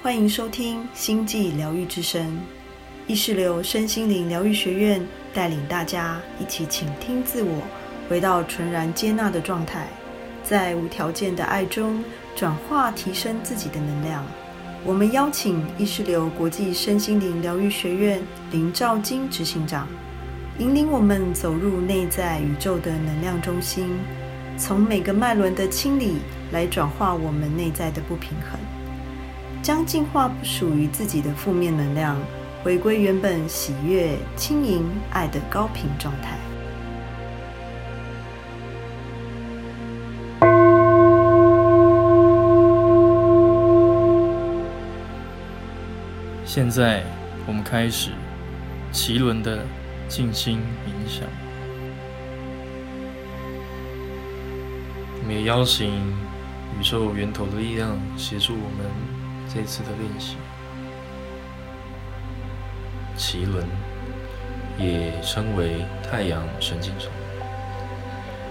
歡迎收聽《星際療癒之聲》，藝識流身心靈療癒學院帶領大家一起傾聽自我，回到純然接納的狀態，在無條件的愛中轉化提升自己的能量。我們邀請藝識流國際身心靈療癒學院林兆金執行長，引領我們走入內在宇宙的能量中心，從每個脈輪的清理來轉化我們內在的不平衡。將淨化不屬於自己的負面能量，回歸原本喜悅、輕盈、愛的高頻狀態。現在，我們開始臍輪的靜心冥想。我們也邀請宇宙源頭的力量協助我們。這次的練習，臍輪也稱為太陽神經叢，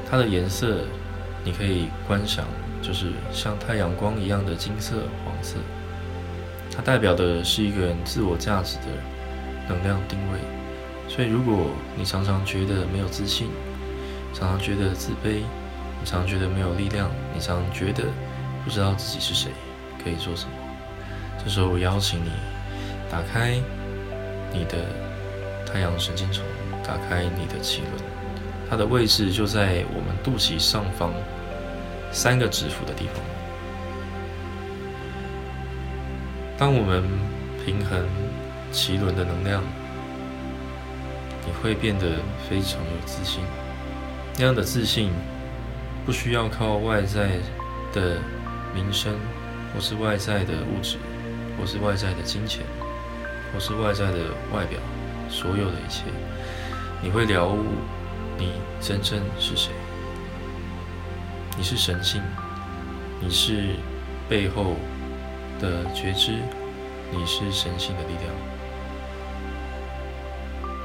它的顏色你可以觀想，就是像太陽光一樣的金色黃色。它代表的是一個人自我價值的能量定位。所以，如果你常常覺得沒有自信，常常覺得自卑，你常常覺得沒有力量，你常常覺得不知道自己是誰，可以做什麼。這時候，我邀請你打開你的太陽神經叢，打開你的臍輪，它的位置就在我們肚臍上方三個指腹的地方。當我們平衡臍輪的能量，你會變得非常有自信。那樣的自信，不需要靠外在的名聲或是外在的物質。或是外在的金錢，或是外在的外表，所有的一切，你會了悟你真正是誰。你是神性，你是背後的覺知，你是神性的力量。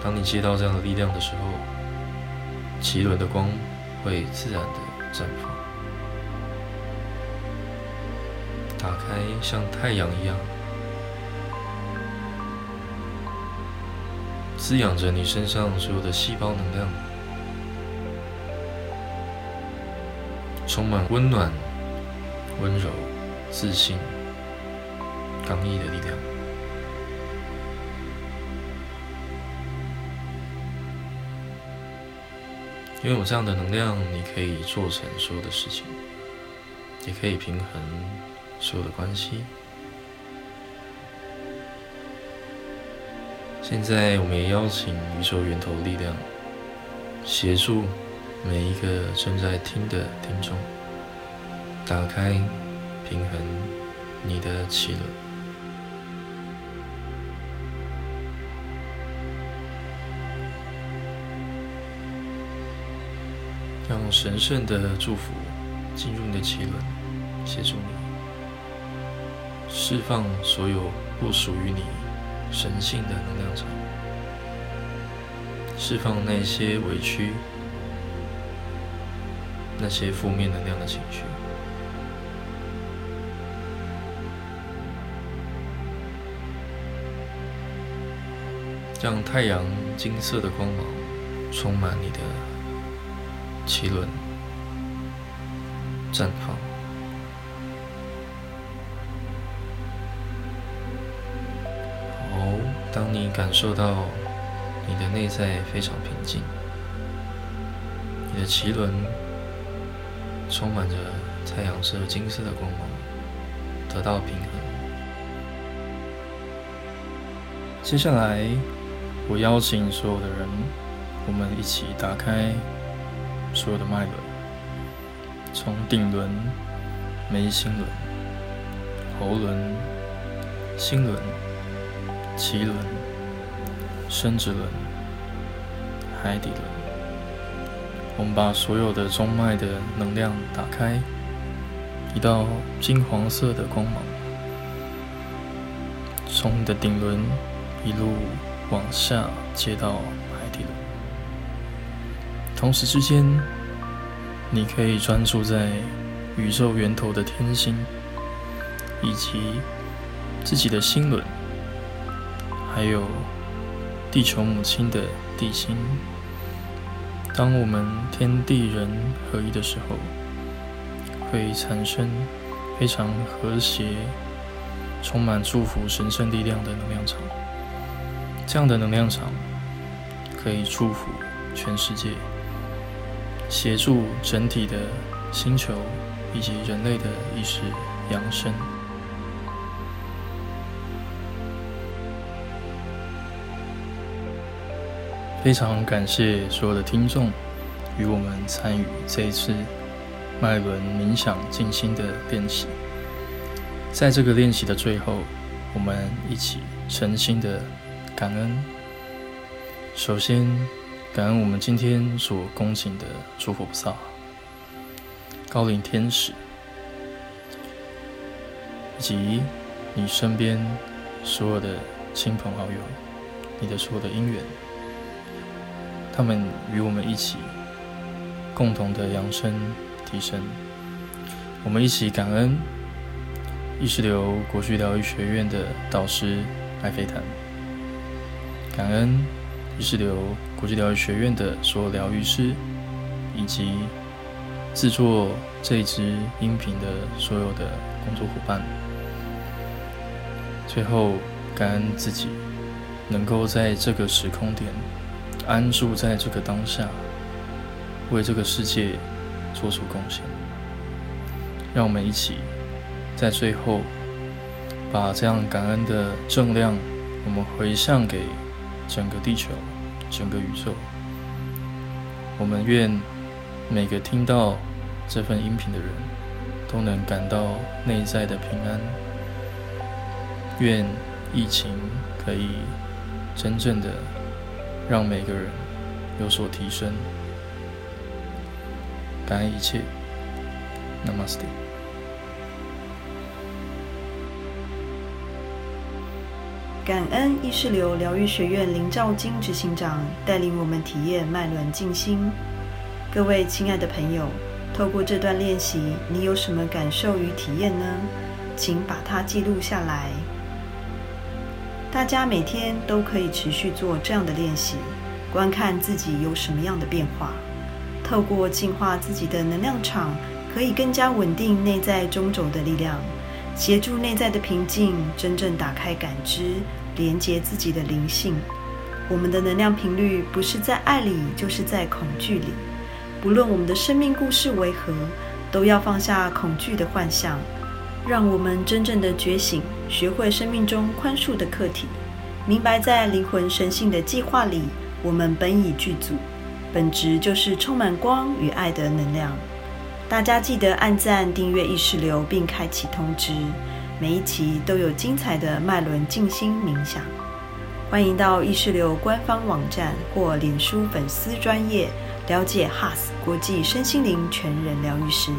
當你接到這樣的力量的時候，臍輪的光會自然的綻放，打開像太陽一樣。滋養着你身上所有的細胞能量，充滿溫暖、溫柔、自信、剛毅的力量。擁有這樣的能量，你可以做成所有的事情，也可以平衡所有的關係。現在，我們也邀請宇宙源頭力量，協助每一個正在聽的聽眾，打開平衡你的臍輪，讓神聖的祝福進入你的臍輪，協助你釋放所有不屬於你。神性的能量場，釋放那些委屈、那些負面能量的情緒，讓太陽金色的光芒充滿你的臍輪、綻放。當你感受到你的內在非常平靜，你的臍輪充滿着太陽色金色的光芒，得到平衡。接下來，我邀請所有的人，我們一起打開所有的脈輪，從頂輪、眉心輪、喉輪、心輪。臍輪、生殖輪、海底輪，我們把所有的中脈的能量打開，一道金黃色的光芒，從你的頂輪一路往下接到海底輪，同時之間，你可以專注在宇宙源頭的天星以及自己的心輪。還有地球母親的地心，當我們天地人合一的時候，會產生非常和諧、充滿祝福、神聖力量的能量場。這樣的能量場可以祝福全世界，協助整體的星球以及人類的意識揚升。非常感謝所有的聽眾與我們參與這一次脈輪冥想靜心的練習。在這個練習的最後，我們一起誠心的感恩。首先，感恩我們今天所恭請的諸佛菩薩、高齡天使，以及你身邊所有的親朋好友，你的所有的因緣。他們與我們一起共同的揚升提升，我們一起感恩藝識流國際療癒學院的導師艾菲坦，感恩藝識流國際療癒學院的所有療癒師，以及製作這支音頻的所有的工作夥伴。最後，感恩自己能夠在這個時空點。安住在這個當下，為這個世界做出貢獻。讓我們一起在最後，把這樣感恩的正量，我們回向給整個地球、整個宇宙。我們願每個聽到這份音頻的人，都能感到內在的平安。願疫情可以真正的。讓每個人有所提升。感恩一切，Namaste。感恩藝識流療癒學院林兆金執行長帶領我們體驗脈輪靜心。各位親愛的朋友，透過這段練習，你有什麼感受與體驗呢？請把它記錄下來。大家每天都可以持續做這樣的練習，觀看自己有什麼樣的變化。透過淨化自己的能量場，可以更加穩定內在中軸的力量，協助內在的平靜，真正打開感知，連接自己的靈性。我們的能量頻率不是在愛裡，就是在恐懼裡。不論我們的生命故事為何，都要放下恐懼的幻象。讓我們真正的覺醒，學會生命中寬恕的課題，明白在靈魂神性的計劃裡，我們本已具足，本質就是充滿光與愛的能量。大家記得按讚、訂閱藝識流，並開啟通知，每一期都有精彩的脈輪靜心冥想。歡迎到藝識流官方網站或臉書粉絲專頁了解 HAS 國際身心靈全人療癒師。